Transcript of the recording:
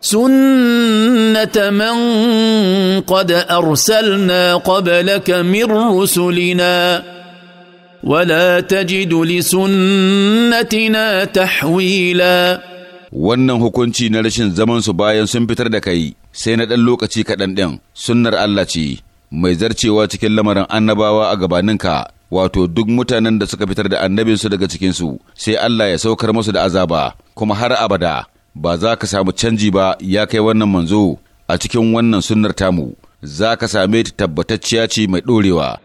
سنه من قد ارسلنا قبلك من رسلنا ولا تجد لسنتنا تحويلا wannan hukunci na rashin zamansu bayan sun fitar da kai sai na ɗan lokaci kaɗan ɗin sunnar Allah ce mai zarcewa cikin lamarin annabawa a gabaninka wato duk mutanen da suka fitar da annabinsu daga cikinsu sai Allah ya saukar musu da azaba kuma har abada ba za ka samu canji ba ya kai wannan manzo a cikin wannan sunnar tamu za ka same ta tabbatacciya ce mai ɗorewa